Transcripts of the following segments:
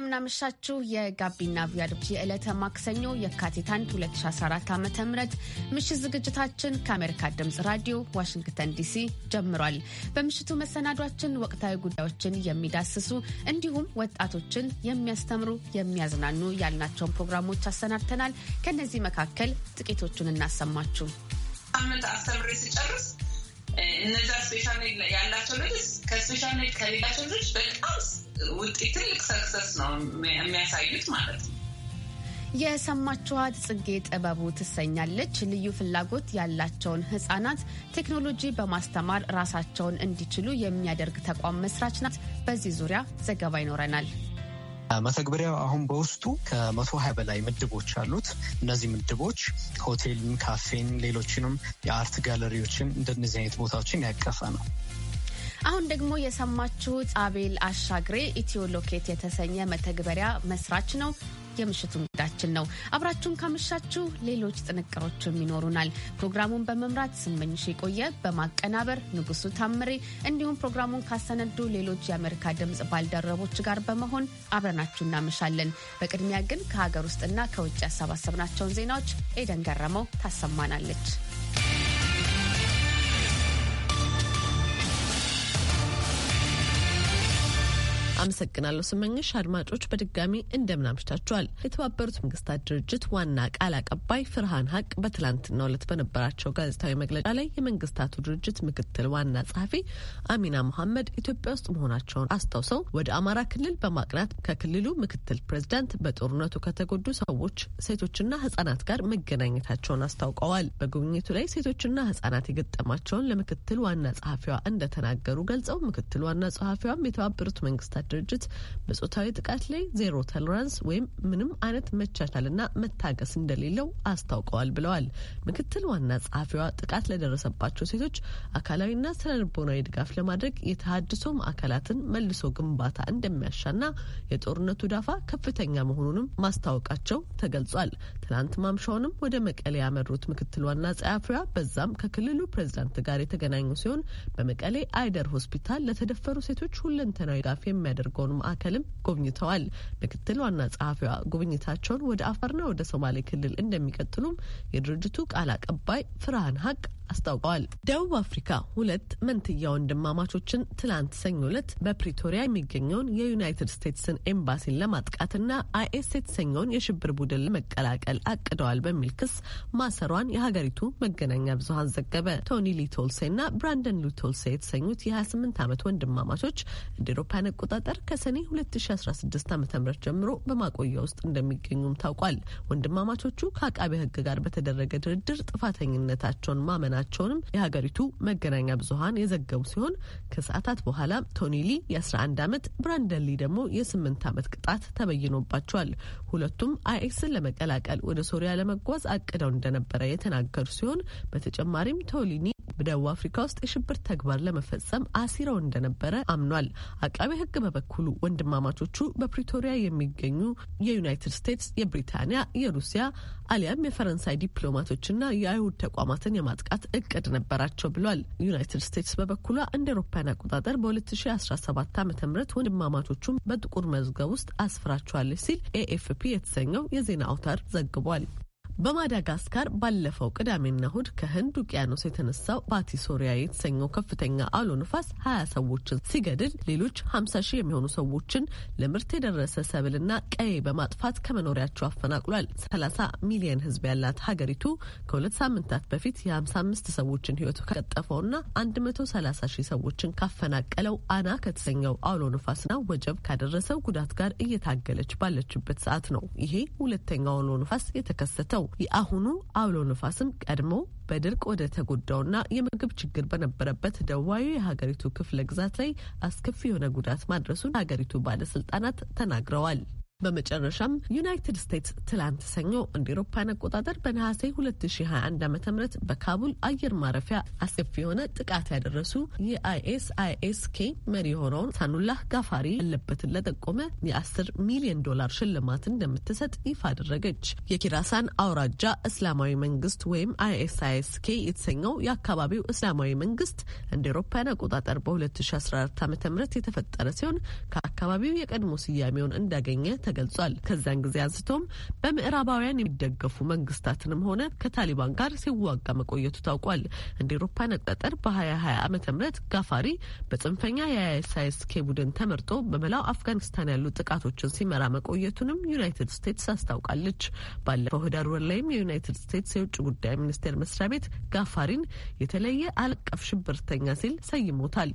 እንደምናመሻችሁ የጋቢና ቪያድጂ የዕለተ ማክሰኞ የካቲት 1 2014 ዓ ም ምሽት ዝግጅታችን ከአሜሪካ ድምፅ ራዲዮ ዋሽንግተን ዲሲ ጀምሯል። በምሽቱ መሰናዷችን ወቅታዊ ጉዳዮችን የሚዳስሱ እንዲሁም ወጣቶችን የሚያስተምሩ የሚያዝናኑ ያልናቸውን ፕሮግራሞች አሰናድተናል። ከእነዚህ መካከል ጥቂቶቹን እናሰማችሁ። ሳምንት አስተምሬ ስጨርስ እነዛ ስፔሻል ኔድ ያላቸው ልጆች ከስፔሻል ኔድ ከሌላቸው ልጆች በጣም ውጤት ትልቅ ሰክሰስ ነው የሚያሳዩት ማለት ነው። የሰማችኋት ጽጌ ጥበቡ ትሰኛለች። ልዩ ፍላጎት ያላቸውን ህጻናት ቴክኖሎጂ በማስተማር ራሳቸውን እንዲችሉ የሚያደርግ ተቋም መስራች ናት። በዚህ ዙሪያ ዘገባ ይኖረናል። መተግበሪያው አሁን በውስጡ ከመቶ ሀያ በላይ ምድቦች አሉት። እነዚህ ምድቦች ሆቴልን፣ ካፌን፣ ሌሎችንም የአርት ጋለሪዎችን እንደነዚህ አይነት ቦታዎችን ያቀፈ ነው። አሁን ደግሞ የሰማችሁት አቤል አሻግሬ ኢትዮሎኬት የተሰኘ መተግበሪያ መስራች ነው። የምሽቱ እንግዳችን ነው። አብራችሁን ካመሻችሁ ሌሎች ጥንቅሮችም ይኖሩናል። ፕሮግራሙን በመምራት ስመኝሽ የቆየ፣ በማቀናበር ንጉሱ ታምሬ፣ እንዲሁም ፕሮግራሙን ካሰነዱ ሌሎች የአሜሪካ ድምፅ ባልደረቦች ጋር በመሆን አብረናችሁ እናመሻለን። በቅድሚያ ግን ከሀገር ውስጥና ከውጭ ያሰባሰብናቸውን ዜናዎች ኤደን ገረመው ታሰማናለች። አመሰግናለሁ ስመኝሽ። አድማጮች በድጋሚ እንደምን የተባበሩት መንግስታት ድርጅት ዋና ቃል አቀባይ ፍርሃን ሀቅ በትላንትናው ዕለት በነበራቸው ጋዜጣዊ መግለጫ ላይ የመንግስታቱ ድርጅት ምክትል ዋና ጸሐፊ አሚና መሐመድ ኢትዮጵያ ውስጥ መሆናቸውን አስታውሰው ወደ አማራ ክልል በማቅናት ከክልሉ ምክትል ፕሬዚዳንት በጦርነቱ ከተጎዱ ሰዎች፣ ሴቶችና ህጻናት ጋር መገናኘታቸውን አስታውቀዋል። በጉብኝቱ ላይ ሴቶችና ህጻናት የገጠማቸውን ለምክትል ዋና ጸሐፊዋ እንደተናገሩ ገልጸው ምክትል ዋና ጸሐፊዋም የተባበሩት መንግስታት ድርጅት በጾታዊ ጥቃት ላይ ዜሮ ቶለራንስ ወይም ምንም አይነት መቻቻልና መታገስ እንደሌለው አስታውቀዋል ብለዋል። ምክትል ዋና ጸሐፊዋ ጥቃት ለደረሰባቸው ሴቶች አካላዊና ስነልቦናዊ ድጋፍ ለማድረግ የተሃድሶ ማዕከላትን መልሶ ግንባታ እንደሚያሻና የጦርነቱ ዳፋ ከፍተኛ መሆኑንም ማስታወቃቸው ተገልጿል። ትናንት ማምሻውንም ወደ መቀሌ ያመሩት ምክትል ዋና ጸሐፊዋ በዛም ከክልሉ ፕሬዚዳንት ጋር የተገናኙ ሲሆን በመቀሌ አይደር ሆስፒታል ለተደፈሩ ሴቶች ሁለንተናዊ ድጋፍ የሚያደ የሚያደርገውን ማዕከልም ጎብኝተዋል። ምክትል ዋና ጸሐፊዋ ጉብኝታቸውን ወደ አፋርና ወደ ሶማሌ ክልል እንደሚቀጥሉም የድርጅቱ ቃል አቀባይ ፍርሃን ሀቅ አስታውቀዋል። ደቡብ አፍሪካ ሁለት መንትያ ወንድማማቾችን ትላንት ሰኞ ዕለት በፕሪቶሪያ የሚገኘውን የዩናይትድ ስቴትስን ኤምባሲን ለማጥቃትና አይኤስ የተሰኘውን የሽብር ቡድን ለመቀላቀል አቅደዋል በሚል ክስ ማሰሯን የሀገሪቱ መገናኛ ብዙሀን ዘገበ። ቶኒ ሊቶልሴ ብራንደን ሊቶልሴ የተሰኙት የ28 ዓመት ወንድማማቾች እንደ አውሮፓውያን አቆጣጠር ከሰኔ 2016 ዓ ም ጀምሮ በማቆያ ውስጥ እንደሚገኙም ታውቋል። ወንድማማቾቹ ከአቃቢ ህግ ጋር በተደረገ ድርድር ጥፋተኝነታቸውን ማመና መሆናቸውንም የሀገሪቱ መገናኛ ብዙሀን የዘገቡ ሲሆን ከሰዓታት በኋላ ቶኒ ሊ የ11 ዓመት ብራንደን ሊ ደግሞ የ8 ዓመት ቅጣት ተበይኖባቸዋል። ሁለቱም አይኤስን ለመቀላቀል ወደ ሶሪያ ለመጓዝ አቅደው እንደነበረ የተናገሩ ሲሆን በተጨማሪም ቶሊኒ በደቡብ አፍሪካ ውስጥ የሽብር ተግባር ለመፈጸም አሲረው እንደነበረ አምኗል። አቃቤ ሕግ በበኩሉ ወንድማማቾቹ በፕሪቶሪያ የሚገኙ የዩናይትድ ስቴትስ፣ የብሪታንያ፣ የሩሲያ አሊያም የፈረንሳይ ዲፕሎማቶችና የአይሁድ ተቋማትን የማጥቃት እቅድ ነበራቸው ብሏል። ዩናይትድ ስቴትስ በበኩሏ እንደ አውሮፓውያን አቆጣጠር በ2017 ዓ ም ወንድማማቾቹን በጥቁር መዝገብ ውስጥ አስፍራቸዋለች ሲል ኤኤፍፒ የተሰኘው የዜና አውታር ዘግቧል። በማዳጋስካር ባለፈው ቅዳሜና እሁድ ከህንድ ውቅያኖስ የተነሳው ባቲሶሪያ የተሰኘው ከፍተኛ አውሎ ንፋስ ሀያ ሰዎችን ሲገድል ሌሎች ሀምሳ ሺህ የሚሆኑ ሰዎችን ለምርት የደረሰ ሰብልና ቀይ በማጥፋት ከመኖሪያቸው አፈናቅሏል። ሰላሳ ሚሊየን ህዝብ ያላት ሀገሪቱ ከሁለት ሳምንታት በፊት የሀምሳ አምስት ሰዎችን ህይወቱ ከቀጠፈውና አንድ መቶ ሰላሳ ሺህ ሰዎችን ካፈናቀለው አና ከተሰኘው አውሎ ንፋስና ወጀብ ካደረሰው ጉዳት ጋር እየታገለች ባለችበት ሰዓት ነው ይሄ ሁለተኛው አውሎ ንፋስ የተከሰተው። የአሁኑ አውሎ ነፋስም ቀድሞ በድርቅ ወደ ተጎዳውና የምግብ ችግር በነበረበት ደቡባዊ የሀገሪቱ ክፍለ ግዛት ላይ አስከፊ የሆነ ጉዳት ማድረሱን ሀገሪቱ ባለስልጣናት ተናግረዋል። በመጨረሻም ዩናይትድ ስቴትስ ትላንት ሰኞ እንደ ኤሮፓን አቆጣጠር በነሐሴ 2021 ዓ ም በካቡል አየር ማረፊያ አስከፊ የሆነ ጥቃት ያደረሱ የአይኤስ አይኤስ ኬ መሪ የሆነውን ሳኑላህ ጋፋሪ ያለበትን ለጠቆመ የ10 ሚሊዮን ዶላር ሽልማት እንደምትሰጥ ይፋ አደረገች። የኪራሳን አውራጃ እስላማዊ መንግስት ወይም አይኤስ አይኤስ ኬ የተሰኘው የአካባቢው እስላማዊ መንግስት እንደ ኤሮፓን አቆጣጠር በ2014 ዓ ም የተፈጠረ ሲሆን ከአካባቢው የቀድሞ ስያሜውን እንዳገኘ ተገልጿል። ከዚያን ጊዜ አንስቶም በምዕራባውያን የሚደገፉ መንግስታትንም ሆነ ከታሊባን ጋር ሲዋጋ መቆየቱ ታውቋል። እንደ ኤሮፓን አቆጣጠር በ2020 ዓ ም ጋፋሪ በጽንፈኛ የአይኤስአይኤስኬ ቡድን ተመርጦ በመላው አፍጋኒስታን ያሉ ጥቃቶችን ሲመራ መቆየቱንም ዩናይትድ ስቴትስ አስታውቃለች። ባለፈው ህዳር ወር ላይም የዩናይትድ ስቴትስ የውጭ ጉዳይ ሚኒስቴር መስሪያ ቤት ጋፋሪን የተለየ አለቀፍ ሽብርተኛ ሲል ሰይሞታል።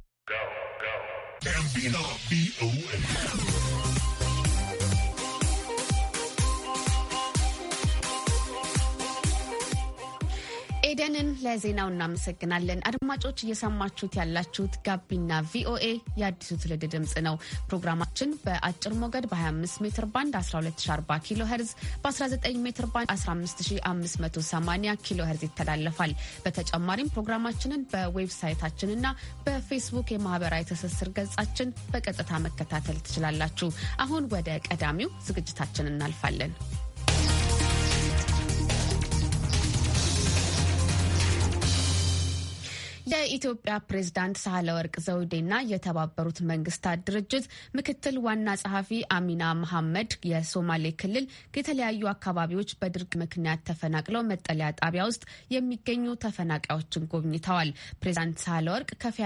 ኤደንን ለዜናው እናመሰግናለን። አድማጮች እየሰማችሁት ያላችሁት ጋቢና ቪኦኤ የአዲሱ ትውልድ ድምፅ ነው። ፕሮግራማችን በአጭር ሞገድ በ25 ሜትር ባንድ 1240 ኪሎ ሄርዝ፣ በ19 ሜትር ባንድ 15580 ኪሎ ሄርዝ ይተላለፋል። በተጨማሪም ፕሮግራማችንን በዌብሳይታችንና በፌስቡክ የማህበራዊ ትስስር ገጻችን በቀጥታ መከታተል ትችላላችሁ። አሁን ወደ ቀዳሚው ዝግጅታችን እናልፋለን። የኢትዮጵያ ፕሬዝዳንት ሳህለ ወርቅ ዘውዴና የተባበሩት መንግስታት ድርጅት ምክትል ዋና ጸሐፊ አሚና መሐመድ የሶማሌ ክልል የተለያዩ አካባቢዎች በድርቅ ምክንያት ተፈናቅለው መጠለያ ጣቢያ ውስጥ የሚገኙ ተፈናቃዮችን ጎብኝተዋል። ፕሬዝዳንት ሳህለወርቅ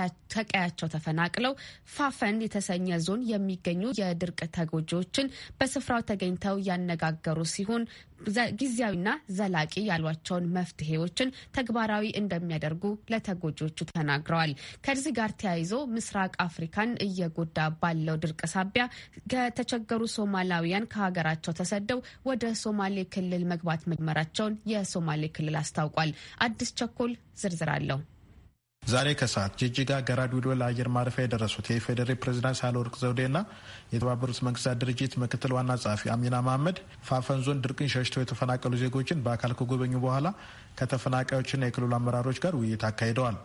ወርቅ ከቀያቸው ተፈናቅለው ፋፈን የተሰኘ ዞን የሚገኙ የድርቅ ተጎጂዎችን በስፍራው ተገኝተው ያነጋገሩ ሲሆን ጊዜያዊና ዘላቂ ያሏቸውን መፍትሄዎችን ተግባራዊ እንደሚያደርጉ ለተጎጂዎቹ ተናግረዋል። ከዚህ ጋር ተያይዞ ምስራቅ አፍሪካን እየጎዳ ባለው ድርቅ ሳቢያ ከተቸገሩ ሶማላውያን ከሀገራቸው ተሰደው ወደ ሶማሌ ክልል መግባት መጀመራቸውን የሶማሌ ክልል አስታውቋል። አዲስ ቸኮል ዝርዝር አለው። ዛሬ ከሰዓት ጅጅጋ ገራድ ለአየር ማረፊያ የደረሱት የኢፌዴሪ ፕሬዚዳንት ሳህለወርቅ ዘውዴና የተባበሩት መንግስታት ድርጅት ምክትል ዋና ጸሐፊ አሚና መሐመድ ፋፈን ዞን ድርቅን ሸሽተው የተፈናቀሉ ዜጎችን በአካል ከጎበኙ በኋላ ከተፈናቃዮችና የክልሉ አመራሮች ጋር ውይይት አካሂደዋል።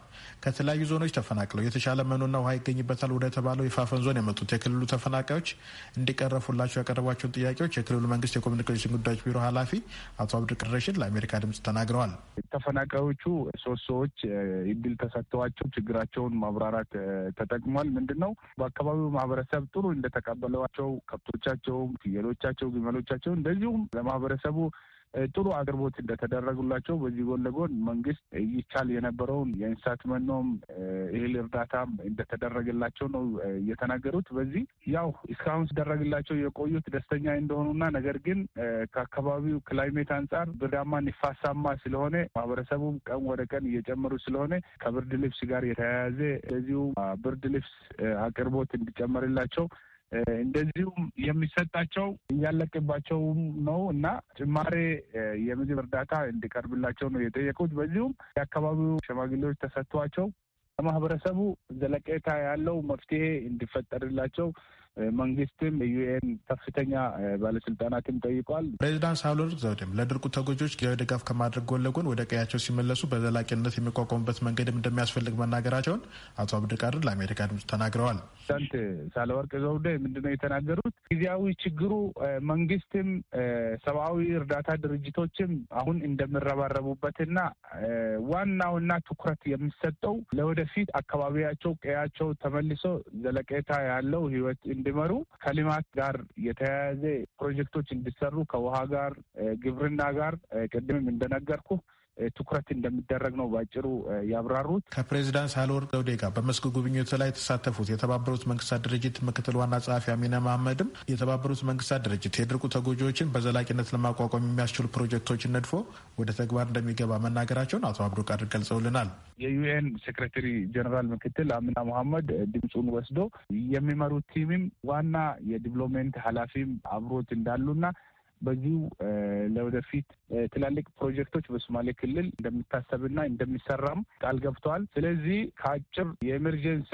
ከተለያዩ ዞኖች ተፈናቅለው የተሻለ መኖና ውሃ ይገኝበታል ወደ ተባለው የፋፈን ዞን የመጡት የክልሉ ተፈናቃዮች እንዲቀረፉላቸው ያቀረቧቸውን ጥያቄዎች የክልሉ መንግስት የኮሚኒኬሽን ጉዳዮች ቢሮ ኃላፊ አቶ አብዱ ቅረሽን ለአሜሪካ ድምጽ ተናግረዋል። ተፈናቃዮቹ ሶስት ሰዎች እድል ተሰጥተዋቸው ችግራቸውን ማብራራት ተጠቅሟል። ምንድን ነው በአካባቢው ማህበረሰብ ጥሩ እንደተቀበለዋቸው ከብቶቻቸው፣ ፍየሎቻቸው፣ ግመሎቻቸው እንደዚሁም ለማህበረሰቡ ጥሩ አቅርቦት እንደተደረጉላቸው በዚህ ጎን ለጎን መንግስት ይቻል የነበረውን የእንስሳት መኖም እህል እርዳታም እንደተደረገላቸው ነው የተናገሩት። በዚህ ያው እስካሁን ሲደረግላቸው የቆዩት ደስተኛ እንደሆኑና ነገር ግን ከአካባቢው ክላይሜት አንጻር ብርዳማ ንፋሳማ ስለሆነ ማህበረሰቡም ቀን ወደ ቀን እየጨመሩ ስለሆነ ከብርድ ልብስ ጋር የተያያዘ እንደዚሁ ብርድ ልብስ አቅርቦት እንዲጨመርላቸው እንደዚሁም የሚሰጣቸው እያለቅባቸውም ነው እና ጭማሬ የምግብ እርዳታ እንዲቀርብላቸው ነው የጠየቁት። በዚሁም የአካባቢው ሸማግሌዎች ተሰጥቷቸው ለማህበረሰቡ ዘለቄታ ያለው መፍትሄ እንዲፈጠርላቸው መንግስትም ዩኤን ከፍተኛ ባለስልጣናትም ጠይቋል። ፕሬዚዳንት ሳህለወርቅ ዘውዴም ለድርቁ ተጎጆች ጊዜያዊ ድጋፍ ከማድረግ ጎን ለጎን ወደ ቀያቸው ሲመለሱ በዘላቂነት የሚቋቋሙበት መንገድም እንደሚያስፈልግ መናገራቸውን አቶ አብዱልቃድር ለአሜሪካ ድምጽ ተናግረዋል። ፕሬዚዳንት ሳህለወርቅ ዘውዴ ምንድነው የተናገሩት? ጊዜያዊ ችግሩ መንግስትም ሰብአዊ እርዳታ ድርጅቶችም አሁን እንደሚረባረቡበትና ዋናውና ትኩረት የሚሰጠው ለወደፊት አካባቢያቸው ቀያቸው ተመልሶ ዘለቄታ ያለው ህይወት እንዲመሩ ከልማት ጋር የተያያዘ ፕሮጀክቶች እንዲሰሩ ከውሃ ጋር፣ ግብርና ጋር ቅድምም እንደነገርኩ ትኩረት እንደሚደረግ ነው በአጭሩ ያብራሩት። ከፕሬዚዳንት ሳህለወርቅ ዘውዴ ጋር በመስክ ጉብኝቱ ላይ የተሳተፉት የተባበሩት መንግስታት ድርጅት ምክትል ዋና ጸሐፊ አሚና መሐመድም የተባበሩት መንግስታት ድርጅት የድርቁ ተጎጂዎችን በዘላቂነት ለማቋቋም የሚያስችሉ ፕሮጀክቶችን ነድፎ ወደ ተግባር እንደሚገባ መናገራቸውን አቶ አብዱልቃድር ገልጸውልናል። የዩኤን ሴክሬታሪ ጀኔራል ምክትል አሚና መሐመድ ድምፁን ወስዶ የሚመሩት ቲምም ዋና የዲቨሎፕሜንት ኃላፊም አብሮት እንዳሉና በዚሁ ለወደፊት ትላልቅ ፕሮጀክቶች በሶማሌ ክልል እንደሚታሰብና እንደሚሰራም ቃል ገብተዋል። ስለዚህ ከአጭር የኤመርጀንሲ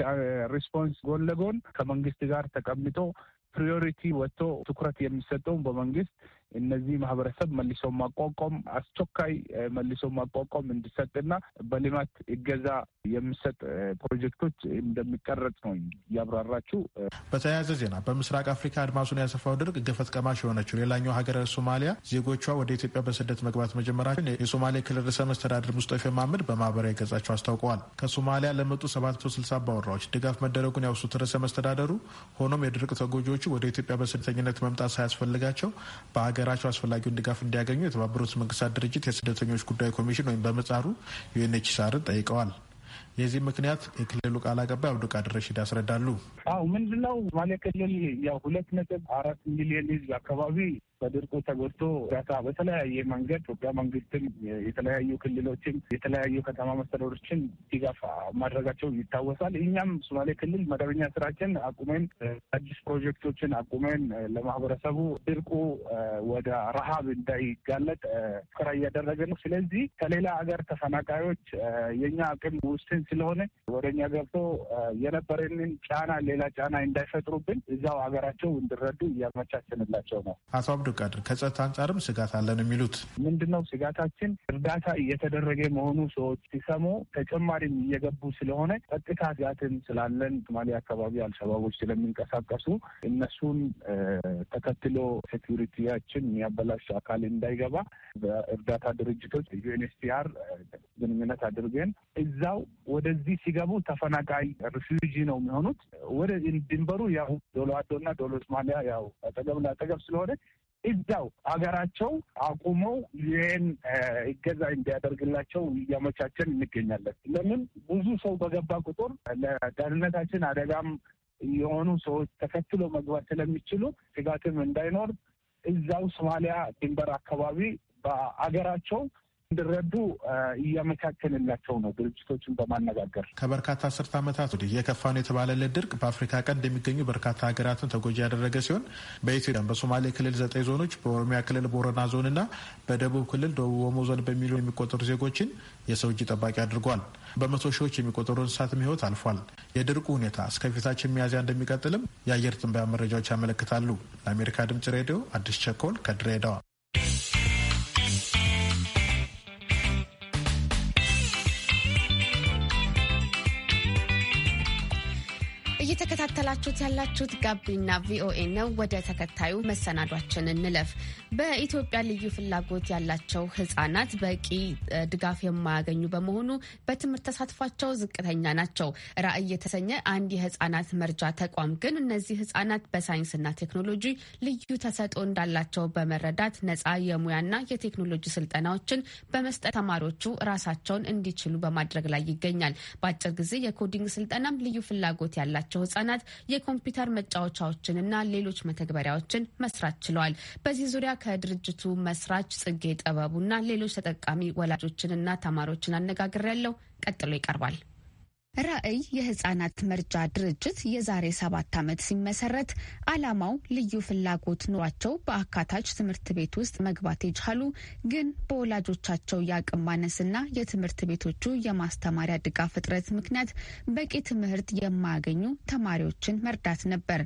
ሪስፖንስ ጎን ለጎን ከመንግስት ጋር ተቀምጦ ፕሪዮሪቲ ወጥቶ ትኩረት የሚሰጠውን በመንግስት እነዚህ ማህበረሰብ መልሶ ማቋቋም አስቸኳይ መልሶ ማቋቋም እንዲሰጥና በልማት እገዛ የሚሰጥ ፕሮጀክቶች እንደሚቀረጽ ነው እያብራራችሁ። በተያያዘ ዜና በምስራቅ አፍሪካ አድማሱን ያሰፋው ድርቅ ገፈት ቀማሽ የሆነችው ሌላኛው ሀገር ሶማሊያ ዜጎቿ ወደ ኢትዮጵያ በስደት መግባት መጀመራቸውን የሶማሌ ክልል ርዕሰ መስተዳድር ሙስጠፌ ማምድ በማህበራዊ ገጻቸው አስታውቀዋል። ከሶማሊያ ለመጡ 760 አባወራዎች ድጋፍ መደረጉን ያውሱት ርዕሰ መስተዳደሩ ሆኖም የድርቅ ተጎጂዎቹ ወደ ኢትዮጵያ በስደተኝነት መምጣት ሳያስፈልጋቸው በሀገር ሀገራቸው አስፈላጊውን ድጋፍ እንዲያገኙ የተባበሩት መንግስታት ድርጅት የስደተኞች ጉዳይ ኮሚሽን ወይም በምህጻሩ ዩኤንኤችሲአርን ጠይቀዋል። የዚህ ምክንያት የክልሉ ቃል አቀባይ አብዱቃድር ረሽድ ያስረዳሉ። አው ምንድነው ማለ ክልል ያው ሁለት ነጥብ አራት ሚሊዮን ህዝብ አካባቢ በድርቁ ተጎድቶ እርዳታ በተለያየ መንገድ ኢትዮጵያ መንግስትም የተለያዩ ክልሎችም የተለያዩ ከተማ መስተዳድሮችን ድጋፍ ማድረጋቸው ይታወሳል። እኛም ሶማሌ ክልል መደበኛ ስራችን አቁመን አዲስ ፕሮጀክቶችን አቁመን ለማህበረሰቡ ድርቁ ወደ ረሃብ እንዳይጋለጥ ሙከራ እያደረገ ነው። ስለዚህ ከሌላ ሀገር ተፈናቃዮች የኛ አቅም ውስን ስለሆነ ወደ እኛ ገብቶ የነበረንን ጫና ሌላ ጫና እንዳይፈጥሩብን እዛው ሀገራቸው እንዲረዱ እያመቻችንላቸው ነው። ዱቅ አድር ከጸጥታ አንጻርም ስጋት አለን የሚሉት ምንድነው ስጋታችን እርዳታ እየተደረገ መሆኑ ሰዎች ሲሰሙ ተጨማሪም እየገቡ ስለሆነ ጸጥታ ስጋትን ስላለን ሶማሌ አካባቢ አልሸባቦች ስለሚንቀሳቀሱ እነሱን ተከትሎ ሴኪሪቲያችን የሚያበላሽ አካል እንዳይገባ በእርዳታ ድርጅቶች ዩኤንኤስሲአር ግንኙነት አድርገን እዛው ወደዚህ ሲገቡ ተፈናቃይ ሪፊውጂ ነው የሚሆኑት። ወደ ድንበሩ ያው ዶሎ አዶና ዶሎ ሶማሊያ ያው አጠገብ ለአጠገብ ስለሆነ እዛው ሀገራቸው አቁመው ይህን እገዛ እንዲያደርግላቸው እያመቻቸን እንገኛለን። ለምን ብዙ ሰው በገባ ቁጥር ለደህንነታችን አደጋም የሆኑ ሰዎች ተከትሎ መግባት ስለሚችሉ ስጋትም እንዳይኖር እዛው ሶማሊያ ድንበር አካባቢ በሀገራቸው እንድረዱ እያመካከልላቸው ነው። ድርጅቶችን በማነጋገር ከበርካታ አስርት ዓመታት ወዲህ የከፋ ነው የተባለለት ድርቅ በአፍሪካ ቀንድ የሚገኙ በርካታ ሀገራትን ተጎጂ ያደረገ ሲሆን በኢትዮጵያ በሶማሌ ክልል ዘጠኝ ዞኖች፣ በኦሮሚያ ክልል ቦረና ዞንና በደቡብ ክልል ደቡብ ኦሞ ዞን በሚሊዮን የሚቆጠሩ ዜጎችን የሰው እጅ ጠባቂ አድርጓል። በመቶ ሺዎች የሚቆጠሩ እንስሳት ሕይወት አልፏል። የድርቁ ሁኔታ እስከፊታችን ፊታችን ሚያዝያ እንደሚቀጥልም የአየር ትንበያ መረጃዎች ያመለክታሉ። ለአሜሪካ ድምጽ ሬዲዮ አዲስ ቸኮል ከድሬዳዋ እየተከታተላችሁት ያላችሁት ጋቢና ቪኦኤ ነው። ወደ ተከታዩ መሰናዷችን እንለፍ። በኢትዮጵያ ልዩ ፍላጎት ያላቸው ሕጻናት በቂ ድጋፍ የማያገኙ በመሆኑ በትምህርት ተሳትፏቸው ዝቅተኛ ናቸው። ራዕይ የተሰኘ አንድ የሕጻናት መርጃ ተቋም ግን እነዚህ ሕጻናት በሳይንስና ቴክኖሎጂ ልዩ ተሰጥኦ እንዳላቸው በመረዳት ነፃ የሙያና የቴክኖሎጂ ስልጠናዎችን በመስጠት ተማሪዎቹ ራሳቸውን እንዲችሉ በማድረግ ላይ ይገኛል። በአጭር ጊዜ የኮዲንግ ስልጠናም ልዩ ፍላጎት ያላቸው ህጻናት የኮምፒውተር መጫወቻዎችን እና ሌሎች መተግበሪያዎችን መስራት ችለዋል። በዚህ ዙሪያ ከድርጅቱ መስራች ጽጌ ጥበቡና ሌሎች ተጠቃሚ ወላጆችንና ተማሪዎችን አነጋግሬያለሁ። ቀጥሎ ይቀርባል። ራዕይ የህጻናት መርጃ ድርጅት የዛሬ ሰባት ዓመት ሲመሰረት ዓላማው ልዩ ፍላጎት ኑሯቸው በአካታች ትምህርት ቤት ውስጥ መግባት የቻሉ ግን በወላጆቻቸው የአቅም ማነስና የትምህርት ቤቶቹ የማስተማሪያ ድጋፍ እጥረት ምክንያት በቂ ትምህርት የማያገኙ ተማሪዎችን መርዳት ነበር።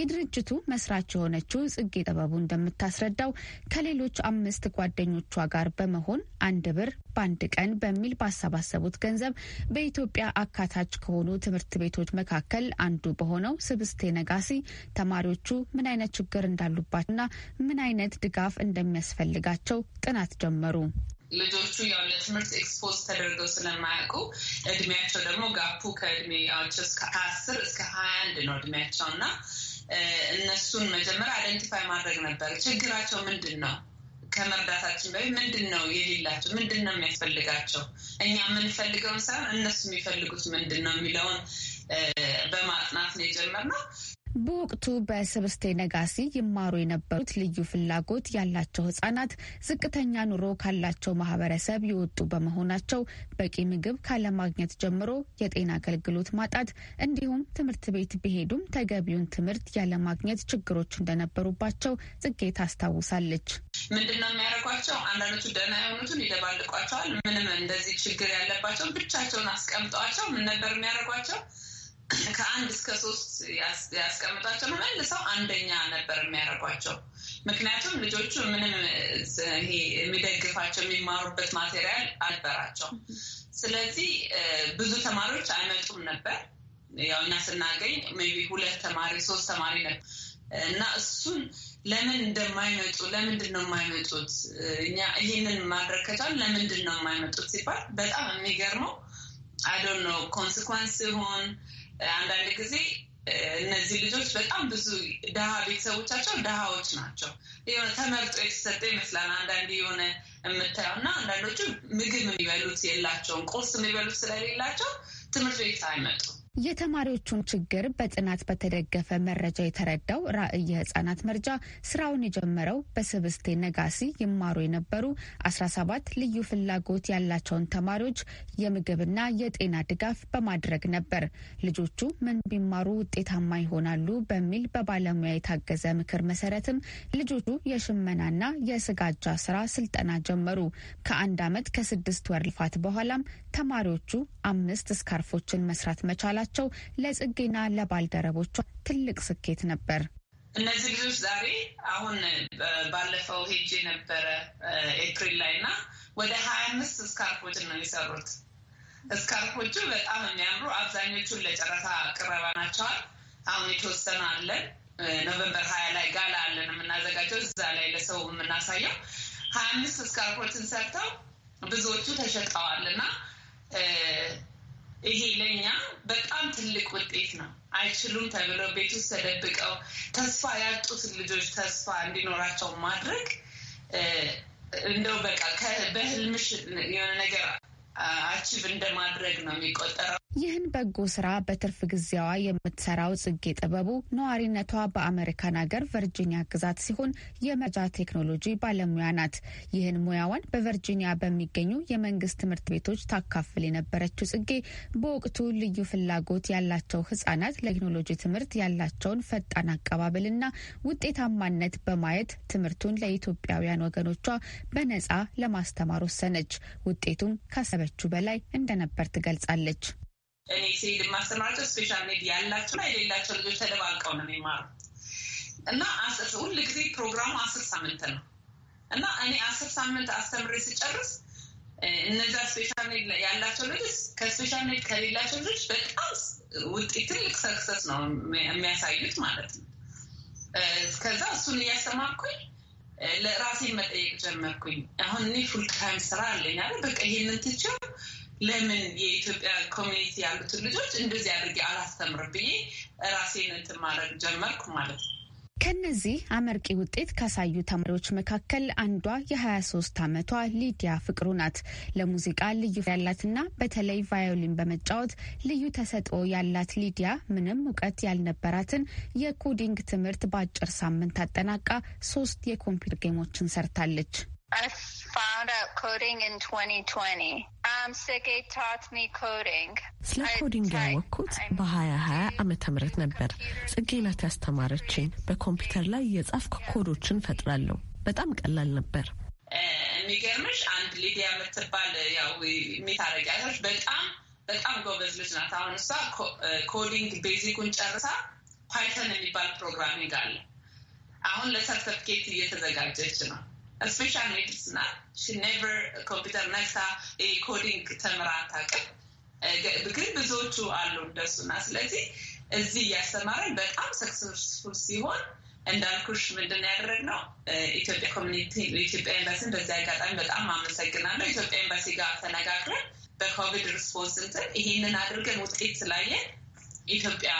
የድርጅቱ መስራች የሆነችው ጽጌ ጥበቡ እንደምታስረዳው ከሌሎች አምስት ጓደኞቿ ጋር በመሆን አንድ ብር በአንድ ቀን በሚል ባሰባሰቡት ገንዘብ በኢትዮጵያ አካ አካታች ከሆኑ ትምህርት ቤቶች መካከል አንዱ በሆነው ስብስቴ ነጋሲ ተማሪዎቹ ምን አይነት ችግር እንዳሉባትና ምን አይነት ድጋፍ እንደሚያስፈልጋቸው ጥናት ጀመሩ። ልጆቹ ያው ለትምህርት ኤክስፖዝ ተደርገው ስለማያውቁ እድሜያቸው ደግሞ ጋፑ ከእድሜያቸው ከአስር እስከ ሀያ አንድ ነው እድሜያቸው እና እነሱን መጀመሪያ አይደንቲፋይ ማድረግ ነበር። ችግራቸው ምንድን ነው? ከመርዳታችን በፊት ምንድን ነው የሌላቸው፣ ምንድን ነው የሚያስፈልጋቸው፣ እኛ የምንፈልገውን ሳይሆን እነሱ የሚፈልጉት ምንድን ነው የሚለውን በማጥናት ነው የጀመርነው። በወቅቱ በስብስቴ ነጋሲ ይማሩ የነበሩት ልዩ ፍላጎት ያላቸው ህጻናት ዝቅተኛ ኑሮ ካላቸው ማህበረሰብ የወጡ በመሆናቸው በቂ ምግብ ካለማግኘት ጀምሮ የጤና አገልግሎት ማጣት እንዲሁም ትምህርት ቤት ቢሄዱም ተገቢውን ትምህርት ያለማግኘት ችግሮች እንደነበሩባቸው ጽጌ ታስታውሳለች። ምንድነው የሚያደርጓቸው? አንዳንዶቹ ደህና የሆኑትን ይደባልቋቸዋል። ምንም እንደዚህ ችግር ያለባቸው ብቻቸውን አስቀምጠዋቸው ምን ነበር የሚያደርጓቸው? ከአንድ እስከ ሶስት ያስቀምጧቸው መልሰው አንደኛ ነበር የሚያደርጓቸው። ምክንያቱም ልጆቹ ምንም የሚደግፋቸው የሚማሩበት ማቴሪያል አልበራቸው። ስለዚህ ብዙ ተማሪዎች አይመጡም ነበር። ያው እኛ ስናገኝ ሜይ ቢ ሁለት ተማሪ ሶስት ተማሪ ነበር እና እሱን ለምን እንደማይመጡ ለምንድን ነው የማይመጡት? እኛ ይህንን ማድረግ ከቻል ለምንድን ነው የማይመጡት ሲባል በጣም የሚገርመው አይ ነው ኮንስኳንስ ሲሆን አንዳንድ ጊዜ እነዚህ ልጆች በጣም ብዙ ድሃ ቤተሰቦቻቸው ድሃዎች ናቸው። የሆነ ተመርጦ የተሰጠ ይመስላል አንዳንድ የሆነ የምታየው እና አንዳንዶቹ ምግብ የሚበሉት የላቸውም። ቁርስ የሚበሉት ስለሌላቸው ትምህርት ቤት አይመጡም። የተማሪዎቹን ችግር በጥናት በተደገፈ መረጃ የተረዳው ራዕይ ህጻናት መርጃ ስራውን የጀመረው በስብስቴ ነጋሲ ይማሩ የነበሩ 17 ልዩ ፍላጎት ያላቸውን ተማሪዎች የምግብና የጤና ድጋፍ በማድረግ ነበር። ልጆቹ ምን ቢማሩ ውጤታማ ይሆናሉ በሚል በባለሙያ የታገዘ ምክር መሰረትም ልጆቹ የሽመናና የስጋጃ ስራ ስልጠና ጀመሩ። ከአንድ አመት ከስድስት ወር ልፋት በኋላም ተማሪዎቹ አምስት ስካርፎችን መስራት መቻላል መቀበላቸው ለጽጌና ለባልደረቦቿ ትልቅ ስኬት ነበር። እነዚህ ልጆች ዛሬ አሁን ባለፈው ሄጅ የነበረ ኤፕሪል ላይ እና ወደ ሀያ አምስት ስካርፎችን ነው የሰሩት። እስካርፖቹ በጣም የሚያምሩ አብዛኞቹን ለጨረታ ቅረባ ናቸዋል። አሁን የተወሰነ አለን። ኖቨምበር ሀያ ላይ ጋላ አለን የምናዘጋጀው እዛ ላይ ለሰው የምናሳየው ሀያ አምስት እስካርፖችን ሰርተው ብዙዎቹ ተሸጠዋል እና ይሄ ለእኛ በጣም ትልቅ ውጤት ነው። አይችሉም ተብለው ቤት ውስጥ ተደብቀው ተስፋ ያጡትን ልጆች ተስፋ እንዲኖራቸው ማድረግ እንደው በቃ በህልምሽ የሆነ ነገር አቺቭ እንደማድረግ ነው የሚቆጠረው ይህን በጎ ስራ በትርፍ ጊዜዋ የምትሰራው ጽጌ ጥበቡ ነዋሪነቷ በአሜሪካን ሀገር ቨርጂኒያ ግዛት ሲሆን የመረጃ ቴክኖሎጂ ባለሙያ ናት። ይህን ሙያዋን በቨርጂኒያ በሚገኙ የመንግስት ትምህርት ቤቶች ታካፍል የነበረችው ጽጌ በወቅቱ ልዩ ፍላጎት ያላቸው ህጻናት ለቴክኖሎጂ ትምህርት ያላቸውን ፈጣን አቀባበልና ውጤታማነት በማየት ትምህርቱን ለኢትዮጵያውያን ወገኖቿ በነጻ ለማስተማር ወሰነች። ውጤቱም ካሰበችው በላይ እንደነበር ትገልጻለች። እኔ ሲሄድ የማስተምራቸው ስፔሻል ኔድ ያላቸውና የሌላቸው ልጆች ተደባልቀው ነው የሚማሩ እና ሁል ጊዜ ፕሮግራሙ አስር ሳምንት ነው እና እኔ አስር ሳምንት አስተምሬ ስጨርስ እነዛ ስፔሻል ኔድ ያላቸው ልጆች ከስፔሻል ኔድ ከሌላቸው ልጆች በጣም ውጤት ትልቅ ሰክሰስ ነው የሚያሳዩት ማለት ነው። ከዛ እሱን እያስተማርኩኝ ለራሴን መጠየቅ ጀመርኩኝ። አሁን እኔ ፉልታይም ስራ አለኝ አለ በቃ ይህንን ትችው ለምን የኢትዮጵያ ኮሚኒቲ ያሉትን ልጆች እንደዚህ አድርጌ አላስተምር ብዬ ራሴን እንትን ማድረግ ጀመርኩ ማለት ነው። ከነዚህ አመርቂ ውጤት ካሳዩ ተማሪዎች መካከል አንዷ የ23 ዓመቷ ሊዲያ ፍቅሩ ናት። ለሙዚቃ ልዩ ያላትና በተለይ ቫዮሊን በመጫወት ልዩ ተሰጥኦ ያላት ሊዲያ ምንም እውቀት ያልነበራትን የኮዲንግ ትምህርት በአጭር ሳምንት አጠናቃ ሶስት የኮምፒውተር ጌሞችን ሰርታለች። I found out coding in 2020. Um, Sergey taught me coding. ስለ ኮዲንግ ያወቅኩት በ2020 ዓመተ ምህረት ነበር። ጽጌ ናት ያስተማረችኝ። በኮምፒውተር ላይ የጻፍኩ ኮዶችን ፈጥራለሁ። በጣም ቀላል ነበር። የሚገርምሽ አንድ ሊዲያ የምትባል ያው የሚታረጊያቶች በጣም በጣም ጎበዝ ልጅ ናት። አሁን እሷ ኮዲንግ ቤዚኩን ጨርሳ ፓይተን የሚባል ፕሮግራሚንግ አለ። አሁን ለሰርተፍኬት እየተዘጋጀች ነው ስፔሻል ኒድስ ናት። ኔቨር ኮምፒውተር ነክታ ኮዲንግ ተምራ አታውቅም። ግን ብዙዎቹ አሉ እንደሱና ስለዚህ እዚህ እያስተማረን በጣም ሰክሰስፉል ሲሆን እንዳልኩሽ ምንድን ያደረግነው ኢትዮጵያ ኮሚኒቲ ኢትዮጵያ ኤምባሲን በዚህ አጋጣሚ በጣም አመሰግናለሁ። ኢትዮጵያ ኤምባሲ ጋር ተነጋግረን በኮቪድ ሪስፖንስ እንትን ይሄንን አድርገን ውጤት ስላየን ኢትዮጵያ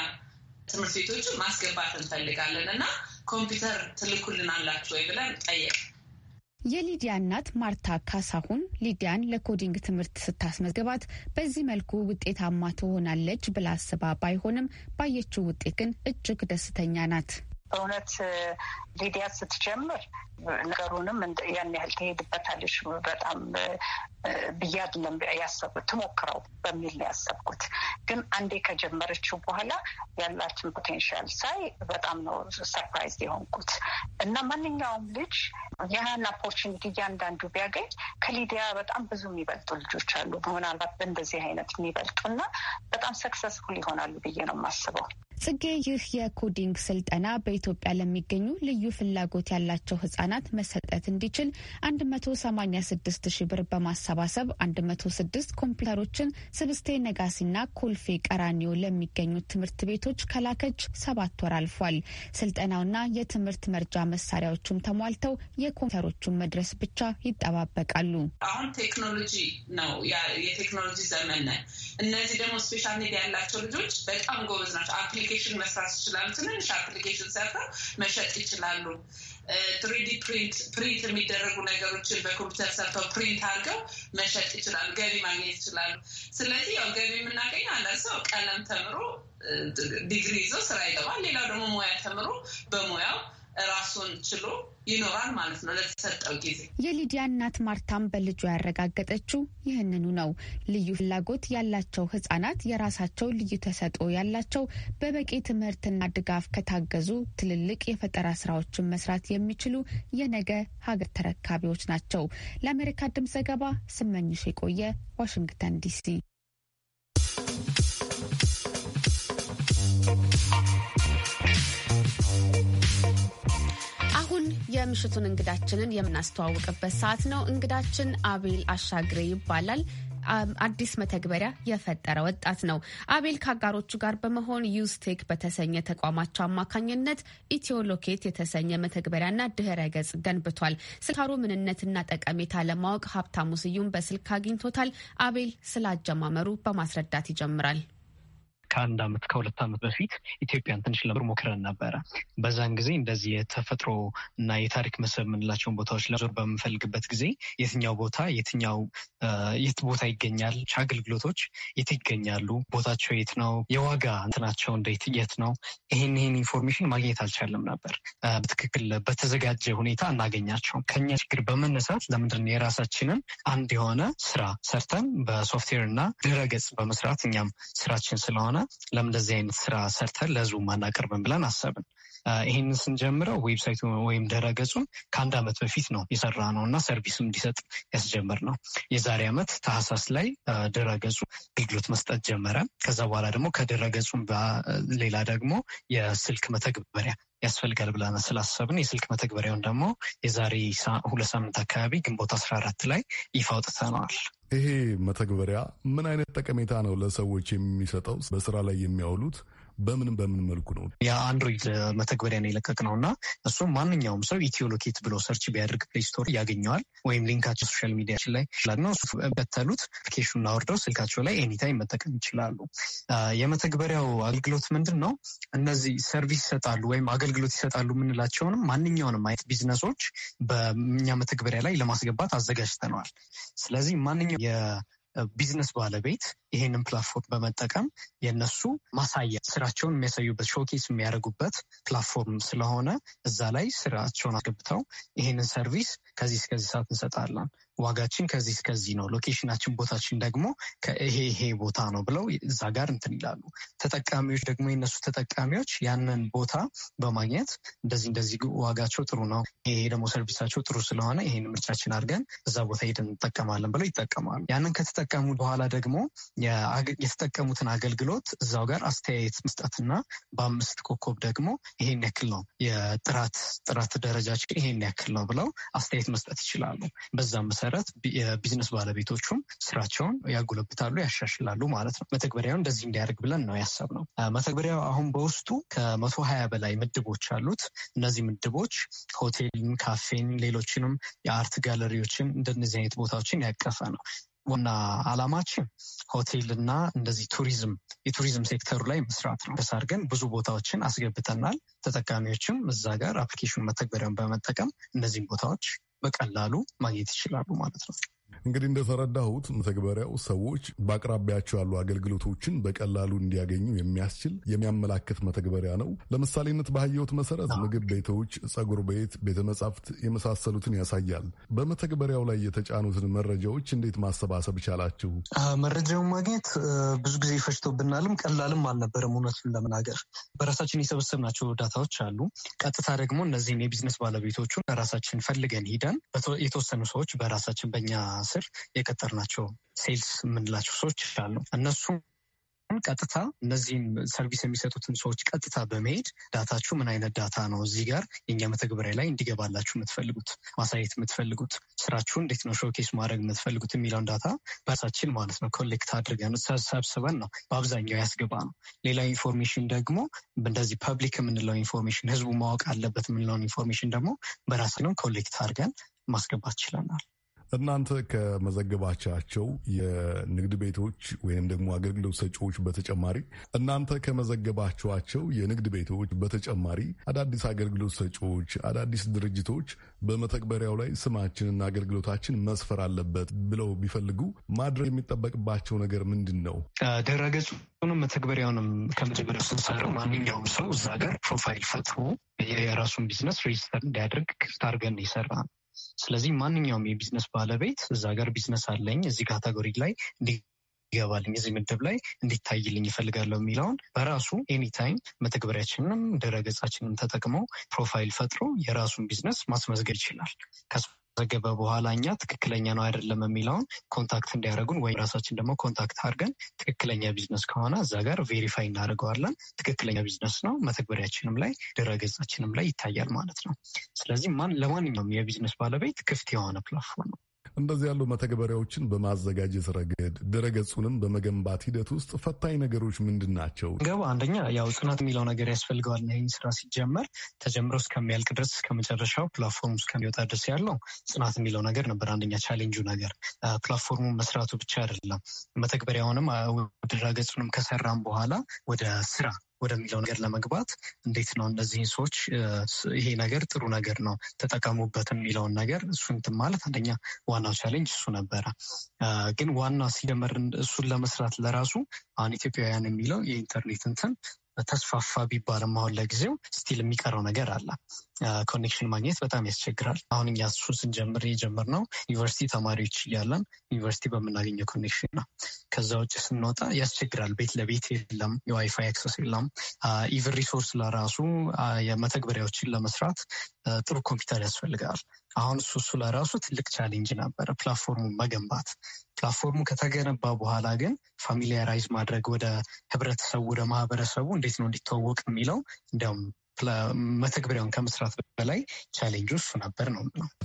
ትምህርት ቤቶቹ ማስገባት እንፈልጋለን እና ኮምፒውተር ትልኩልን አላችሁ ወይ ብለን ጠየቅ የሊዲያ እናት ማርታ ካሳሁን ሊዲያን ለኮዲንግ ትምህርት ስታስመዝግባት በዚህ መልኩ ውጤታማ ትሆናለች ብላ አስባ ባይሆንም ባየችው ውጤት ግን እጅግ ደስተኛ ናት። በእውነት ሊዲያ ስትጀምር ነገሩንም ያን ያህል ትሄድበታለች በጣም ብያድለም ያሰብኩት ትሞክረው በሚል ነው ያሰብኩት። ግን አንዴ ከጀመረችው በኋላ ያላትን ፖቴንሻል ሳይ በጣም ነው ሰርፕራይዝ የሆንኩት እና ማንኛውም ልጅ ያህን ኦፖርቹኒቲ እያንዳንዱ ቢያገኝ ከሊዲያ በጣም ብዙ የሚበልጡ ልጆች አሉ። ምናልባት በእንደዚህ አይነት የሚበልጡ እና በጣም ሰክሰስፉል ይሆናሉ ብዬ ነው የማስበው። ጽጌ ይህ የኮዲንግ ስልጠና በኢትዮጵያ ለሚገኙ ልዩ ፍላጎት ያላቸው ህጻናት መሰጠት እንዲችል 186 ሺ ብር በማሰባሰብ 106 ኮምፒውተሮችን ስብስቴ ነጋሲና ኮልፌ ቀራኒዮ ለሚገኙ ትምህርት ቤቶች ከላከች ሰባት ወር አልፏል። ስልጠናውና የትምህርት መርጃ መሳሪያዎቹም ተሟልተው የኮምፒውተሮቹን መድረስ ብቻ ይጠባበቃሉ። አሁን ቴክኖሎጂ ነው፣ የቴክኖሎጂ ዘመን ነን። እነዚህ ደግሞ ስፔሻል ኔድ ያላቸው ልጆች በጣም ጎበዝ ናቸው። አፕሊኬሽን መስራት ይችላሉ። ትንንሽ አፕሊኬሽን ሰርተው መሸጥ ይችላሉ። ትሪዲ ፕሪንት ፕሪንት የሚደረጉ ነገሮችን በኮምፒውተር ሰርተው ፕሪንት አድርገው መሸጥ ይችላሉ። ገቢ ማግኘት ይችላሉ። ስለዚህ ያው ገቢ የምናገኘው አንዳንድ ሰው ቀለም ተምሮ ዲግሪ ይዞ ስራ ይገባል። ሌላው ደግሞ ሙያ ተምሮ በሙያው ራሱን ችሎ ይኖራል ማለት ነው ለተሰጠው ጊዜ። የሊዲያ እናት ማርታም በልጇ ያረጋገጠችው ይህንኑ ነው። ልዩ ፍላጎት ያላቸው ህጻናት የራሳቸው ልዩ ተሰጥኦ ያላቸው በበቂ ትምህርትና ድጋፍ ከታገዙ ትልልቅ የፈጠራ ስራዎችን መስራት የሚችሉ የነገ ሀገር ተረካቢዎች ናቸው። ለአሜሪካ ድምፅ ዘገባ ስመኝሽ የቆየ ዋሽንግተን ዲሲ። አሁን የምሽቱን እንግዳችንን የምናስተዋውቅበት ሰዓት ነው። እንግዳችን አቤል አሻግሬ ይባላል። አዲስ መተግበሪያ የፈጠረ ወጣት ነው። አቤል ከአጋሮቹ ጋር በመሆን ዩስቴክ በተሰኘ ተቋማቸው አማካኝነት ኢትዮሎኬት የተሰኘ መተግበሪያና ድህረ ገጽ ገንብቷል። ስልካሩ ምንነትና ጠቀሜታ ለማወቅ ሀብታሙ ስዩም በስልክ አግኝቶታል። አቤል ስላጀማመሩ በማስረዳት ይጀምራል። ከአንድ አመት ከሁለት አመት በፊት ኢትዮጵያን ትንሽ ለመዞር ሞክረን ነበረ። በዛን ጊዜ እንደዚህ የተፈጥሮ እና የታሪክ መስህብ የምንላቸውን ቦታዎች ለመዞር በምንፈልግበት ጊዜ የትኛው ቦታ የትኛው የት ቦታ ይገኛል፣ አገልግሎቶች የት ይገኛሉ፣ ቦታቸው የት ነው፣ የዋጋ እንትናቸው እንዴት የት ነው፣ ይህን ይህን ኢንፎርሜሽን ማግኘት አልቻለም ነበር በትክክል በተዘጋጀ ሁኔታ እናገኛቸውም። ከኛ ችግር በመነሳት ለምንድን የራሳችንን አንድ የሆነ ስራ ሰርተን በሶፍትዌር እና ድረገጽ በመስራት እኛም ስራችን ስለሆነ ለምን እንደዚህ አይነት ስራ ሰርተን ለህዝቡ ማናቀርብን ብለን አሰብን። ይህንን ስንጀምረው ዌብሳይቱ ወይም ድረገጹን ከአንድ ዓመት በፊት ነው የሰራ ነው እና ሰርቪስም እንዲሰጥ ያስጀምር ነው። የዛሬ ዓመት ታህሳስ ላይ ድረገጹ አገልግሎት መስጠት ጀመረ። ከዛ በኋላ ደግሞ ከድረገጹም ሌላ ደግሞ የስልክ መተግበሪያ ያስፈልጋል ብለን ስላሰብን የስልክ መተግበሪያውን ደግሞ የዛሬ ሁለት ሳምንት አካባቢ ግንቦት አስራ አራት ላይ ይፋ አውጥተነዋል። ይሄ መተግበሪያ ምን አይነት ጠቀሜታ ነው ለሰዎች የሚሰጠው? በስራ ላይ የሚያውሉት በምን በምን መልኩ ነው? የአንድሮይድ መተግበሪያ ነው የለቀቅ ነው እና እሱም ማንኛውም ሰው ኢትዮሎኬት ብሎ ሰርች ቢያደርግ ፕሌይስቶር ያገኘዋል። ወይም ሊንካቸው ሶሻል ሚዲያችን ላይ ይችላል ነው በተሉት አፕሊኬሽኑን አውርደው ስልካቸው ላይ ኤኒታይም መጠቀም ይችላሉ። የመተግበሪያው አገልግሎት ምንድን ነው? እነዚህ ሰርቪስ ይሰጣሉ ወይም አገልግሎት ይሰጣሉ የምንላቸውንም ማንኛውንም አይነት ቢዝነሶች በእኛ መተግበሪያ ላይ ለማስገባት አዘጋጅተነዋል። ስለዚህ ማንኛው ቢዝነስ ባለቤት ይሄንን ፕላትፎርም በመጠቀም የነሱ ማሳያ ስራቸውን የሚያሳዩበት ሾኬስ የሚያደርጉበት ፕላትፎርም ስለሆነ እዛ ላይ ስራቸውን አስገብተው ይሄንን ሰርቪስ ከዚህ እስከዚህ ሰዓት እንሰጣለን ዋጋችን ከዚህ እስከዚህ ነው፣ ሎኬሽናችን ቦታችን ደግሞ ከይሄ ይሄ ቦታ ነው ብለው እዛ ጋር እንትን ይላሉ። ተጠቃሚዎች ደግሞ የነሱ ተጠቃሚዎች ያንን ቦታ በማግኘት እንደዚህ እንደዚህ ዋጋቸው ጥሩ ነው፣ ይሄ ደግሞ ሰርቪሳቸው ጥሩ ስለሆነ ይሄን ምርጫችን አድርገን እዛ ቦታ ሄደን እንጠቀማለን ብለው ይጠቀማሉ። ያንን ከተጠቀሙ በኋላ ደግሞ የተጠቀሙትን አገልግሎት እዛው ጋር አስተያየት መስጠትና በአምስት ኮከብ ደግሞ ይሄን ያክል ነው የጥራት ጥራት ደረጃችን ይሄን ያክል ነው ብለው አስተያየት መስጠት ይችላሉ። በዛ መሰረት የቢዝነስ ባለቤቶቹም ስራቸውን ያጎለብታሉ፣ ያሻሽላሉ ማለት ነው። መተግበሪያው እንደዚህ እንዲያደርግ ብለን ነው ያሰብነው። መተግበሪያው አሁን በውስጡ ከመቶ ሀያ በላይ ምድቦች አሉት። እነዚህ ምድቦች ሆቴልን፣ ካፌን፣ ሌሎችንም የአርት ጋለሪዎችን እንደነዚህ አይነት ቦታዎችን ያቀፈ ነው። ዋና አላማችን ሆቴልና እንደዚህ ቱሪዝም የቱሪዝም ሴክተሩ ላይ መስራት ነው። ከሳር ግን ብዙ ቦታዎችን አስገብተናል። ተጠቃሚዎችም እዛ ጋር አፕሊኬሽን መተግበሪያውን በመጠቀም እነዚህም ቦታዎች በቀላሉ ማግኘት ይችላሉ ማለት ነው። እንግዲህ እንደተረዳሁት መተግበሪያው ሰዎች በአቅራቢያቸው ያሉ አገልግሎቶችን በቀላሉ እንዲያገኙ የሚያስችል የሚያመላክት መተግበሪያ ነው። ለምሳሌነት ባየሁት መሰረት ምግብ ቤቶች፣ ጸጉር ቤት፣ ቤተ መጻሕፍት የመሳሰሉትን ያሳያል። በመተግበሪያው ላይ የተጫኑትን መረጃዎች እንዴት ማሰባሰብ ቻላችሁ? መረጃውን ማግኘት ብዙ ጊዜ ፈጅቶብናልም ቀላልም አልነበረም። እውነቱን ለመናገር በራሳችን የሰበሰብናቸው ዳታዎች አሉ። ቀጥታ ደግሞ እነዚህን የቢዝነስ ባለቤቶቹን ራሳችን ፈልገን ሂደን የተወሰኑ ሰዎች በራሳችን በኛ ስር የቀጠርናቸው ሴልስ የምንላቸው ሰዎች አሉ። እነሱ ቀጥታ እነዚህም ሰርቪስ የሚሰጡትን ሰዎች ቀጥታ በመሄድ ዳታችሁ ምን አይነት ዳታ ነው እዚህ ጋር የኛ መተግበሪያ ላይ እንዲገባላችሁ የምትፈልጉት ማሳየት የምትፈልጉት ስራችሁ እንዴት ነው ሾኬስ ማድረግ የምትፈልጉት የሚለውን ዳታ በራሳችን ማለት ነው ኮሌክት አድርገን ሰብስበን ነው በአብዛኛው ያስገባ ነው። ሌላ ኢንፎርሜሽን ደግሞ እንደዚህ ፐብሊክ የምንለው ኢንፎርሜሽን ህዝቡ ማወቅ አለበት የምንለውን ኢንፎርሜሽን ደግሞ በራሳችን ኮሌክት አድርገን ማስገባት ችለናል። እናንተ ከመዘገባቻቸው የንግድ ቤቶች ወይም ደግሞ አገልግሎት ሰጪዎች በተጨማሪ እናንተ ከመዘገባቸዋቸው የንግድ ቤቶች በተጨማሪ አዳዲስ አገልግሎት ሰጪዎች፣ አዳዲስ ድርጅቶች በመተግበሪያው ላይ ስማችንና አገልግሎታችን መስፈር አለበት ብለው ቢፈልጉ ማድረግ የሚጠበቅባቸው ነገር ምንድን ነው? ድረገጹንም መተግበሪያውንም ከመጀመሪያው ስንሰራ ማንኛውም ሰው እዛ ጋር ፕሮፋይል ፈጥሮ የራሱን ቢዝነስ ሬጅስተር እንዲያደርግ ክፍት አድርገን ስለዚህ ማንኛውም የቢዝነስ ባለቤት እዛ ጋር ቢዝነስ አለኝ እዚህ ካተጎሪ ላይ ይገባልኝ እዚህ ምድብ ላይ እንዲታይልኝ ይፈልጋለሁ የሚለውን በራሱ ኤኒታይም መተግበሪያችንንም ድረገጻችንም ተጠቅመው ፕሮፋይል ፈጥሮ የራሱን ቢዝነስ ማስመዝገድ ይችላል። ዘገበ በኋላ እኛ ትክክለኛ ነው አይደለም የሚለውን ኮንታክት እንዲያደርጉን ወይም ራሳችን ደግሞ ኮንታክት አድርገን ትክክለኛ ቢዝነስ ከሆነ እዛ ጋር ቬሪፋይ እናደርገዋለን። ትክክለኛ ቢዝነስ ነው፣ መተግበሪያችንም ላይ ድረገጻችንም ላይ ይታያል ማለት ነው። ስለዚህ ማን ለማንኛውም የቢዝነስ ባለቤት ክፍት የሆነ ፕላትፎርም ነው። እንደዚህ ያሉ መተግበሪያዎችን በማዘጋጀት ረገድ ድረገጹንም በመገንባት ሂደት ውስጥ ፈታኝ ነገሮች ምንድን ናቸው? ገቡ አንደኛ ያው ጽናት የሚለው ነገር ያስፈልገዋል። ይህ ስራ ሲጀመር ተጀምሮ እስከሚያልቅ ድረስ እስከመጨረሻው ፕላትፎርም እስከሚወጣ ድረስ ያለው ጽናት የሚለው ነገር ነበር። አንደኛ ቻሌንጁ ነገር ፕላትፎርሙ መስራቱ ብቻ አይደለም፣ መተግበሪያውንም ድረገጹንም ከሰራም በኋላ ወደ ስራ ወደሚለው ነገር ለመግባት እንዴት ነው እነዚህን ሰዎች ይሄ ነገር ጥሩ ነገር ነው ተጠቀሙበት የሚለውን ነገር እሱን እንትን ማለት አንደኛ ዋናው ቻሌንጅ እሱ ነበረ። ግን ዋና ሲጀመር እሱን ለመስራት ለራሱ አሁን ኢትዮጵያውያን የሚለው የኢንተርኔት እንትን ተስፋፋ ቢባልም አሁን ለጊዜው ስቲል የሚቀረው ነገር አለ። ኮኔክሽን ማግኘት በጣም ያስቸግራል። አሁን እኛ እሱ ስንጀምር የጀመርነው ዩኒቨርሲቲ ተማሪዎች እያለን ዩኒቨርሲቲ በምናገኘው ኮኔክሽን ነው። ከዛ ውጭ ስንወጣ ያስቸግራል። ቤት ለቤት የለም፣ የዋይፋይ አክሰስ የለም። ኢቨን ሪሶርስ ለራሱ የመተግበሪያዎችን ለመስራት ጥሩ ኮምፒውተር ያስፈልጋል። አሁን እሱ እሱ ለራሱ ትልቅ ቻሌንጅ ነበረ፣ ፕላትፎርሙ መገንባት። ፕላትፎርሙ ከተገነባ በኋላ ግን ፋሚሊያራይዝ ማድረግ ወደ ህብረተሰቡ፣ ወደ ማህበረሰቡ እንዴት ነው እንዲተዋወቅ የሚለው እንዲያውም መተግበሪያውን ከመስራት በላይ ቻሌንጅ እሱ ነበር ነው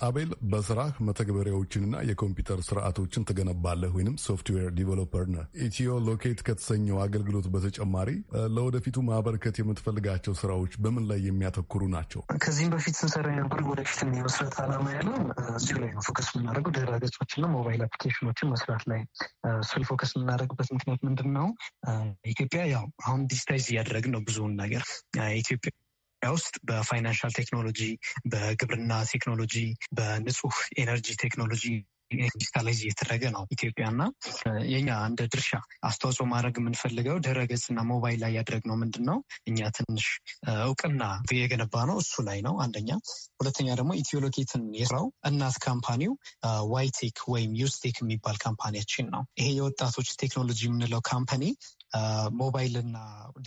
አቤል በስራህ መተግበሪያዎችንና የኮምፒውተር ስርዓቶችን ትገነባለህ ወይም ሶፍትዌር ዲቨሎፐር ነህ። ኢትዮ ሎኬት ከተሰኘው አገልግሎት በተጨማሪ ለወደፊቱ ማበርከት የምትፈልጋቸው ስራዎች በምን ላይ የሚያተኩሩ ናቸው? ከዚህም በፊት ስንሰራ የነበር ወደፊት የመስራት አላማ ያለ እዚ ላይ ነው ፎከስ የምናደርገው ድረ ገጾችና ሞባይል አፕሊኬሽኖችን መስራት ላይ እሱን ፎከስ የምናደርግበት ምክንያት ምንድን ነው? ኢትዮጵያ ያው አሁን ዲጂታይዝ እያደረግን ነው ብዙውን ነገር ኢትዮጵያ ኢትዮጵያ ውስጥ በፋይናንሻል ቴክኖሎጂ፣ በግብርና ቴክኖሎጂ፣ በንጹህ ኤነርጂ ቴክኖሎጂ ዲጂታላይዝ እየተደረገ ነው። ኢትዮጵያና የኛ እንደ ድርሻ አስተዋጽኦ ማድረግ የምንፈልገው ድረ ገጽና ሞባይል ላይ ነው ምንድን ነው? እኛ ትንሽ እውቅና የገነባ ነው እሱ ላይ ነው አንደኛ። ሁለተኛ ደግሞ ኢትዮሎኬትን የስራው እናት ካምፓኒው ዋይቴክ ወይም ዩስቴክ የሚባል ካምፓኒያችን ነው። ይሄ የወጣቶች ቴክኖሎጂ የምንለው ካምፓኒ ሞባይልና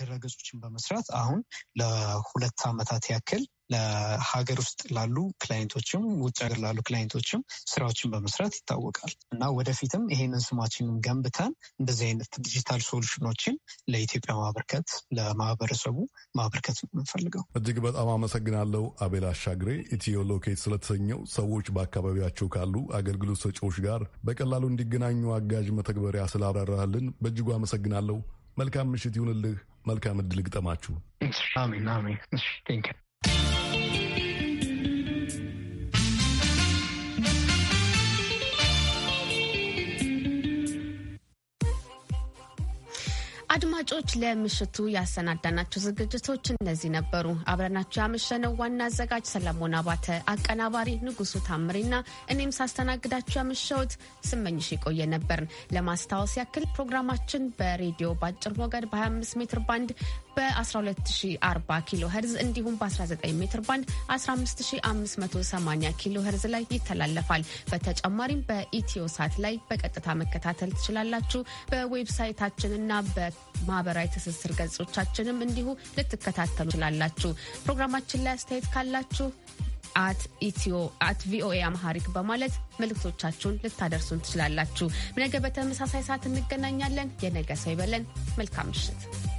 ድረገጾችን በመስራት አሁን ለሁለት ዓመታት ያክል ለሀገር ውስጥ ላሉ ክላይንቶችም ውጭ ሀገር ላሉ ክላይንቶችም ስራዎችን በመስራት ይታወቃል እና ወደፊትም ይሄንን ስማችንን ገንብተን እንደዚህ አይነት ዲጂታል ሶሉሽኖችን ለኢትዮጵያ ማበርከት ለማህበረሰቡ ማበርከት ነው የምንፈልገው። እጅግ በጣም አመሰግናለሁ። አቤል አሻግሬ ኢትዮ ሎኬት ስለተሰኘው ሰዎች በአካባቢያቸው ካሉ አገልግሎት ሰጪዎች ጋር በቀላሉ እንዲገናኙ አጋዥ መተግበሪያ ስላብራራህልን በእጅጉ አመሰግናለሁ። መልካም ምሽት ይሁንልህ። መልካም እድል ግጠማችሁ። አሜን አሜን። አድማጮች ለምሽቱ ያሰናዳናቸው ዝግጅቶች እነዚህ ነበሩ። አብረናቸው ያመሸነው ዋና አዘጋጅ ሰለሞን አባተ፣ አቀናባሪ ንጉሱ ታምሬና እኔም ሳስተናግዳችሁ ያመሸሁት ስመኝሽ የቆየ ነበርን። ለማስታወስ ያክል ፕሮግራማችን በሬዲዮ በአጭር ሞገድ በ25 ሜትር ባንድ በ12040 ኪሎ ሄርዝ እንዲሁም በ19 ሜትር ባንድ 15580 ኪሎ ሄርዝ ላይ ይተላለፋል። በተጨማሪም በኢትዮ ሳት ላይ በቀጥታ መከታተል ትችላላችሁ። በዌብሳይታችንና በማህበራዊ ትስስር ገጾቻችንም እንዲሁ ልትከታተሉ ትችላላችሁ። ፕሮግራማችን ላይ አስተያየት ካላችሁ አት ኢትዮ አት ቪኦኤ አምሃሪክ በማለት መልእክቶቻችሁን ልታደርሱን ትችላላችሁ። ነገ በተመሳሳይ ሰዓት እንገናኛለን። የነገ ሰው ይበለን። መልካም ምሽት።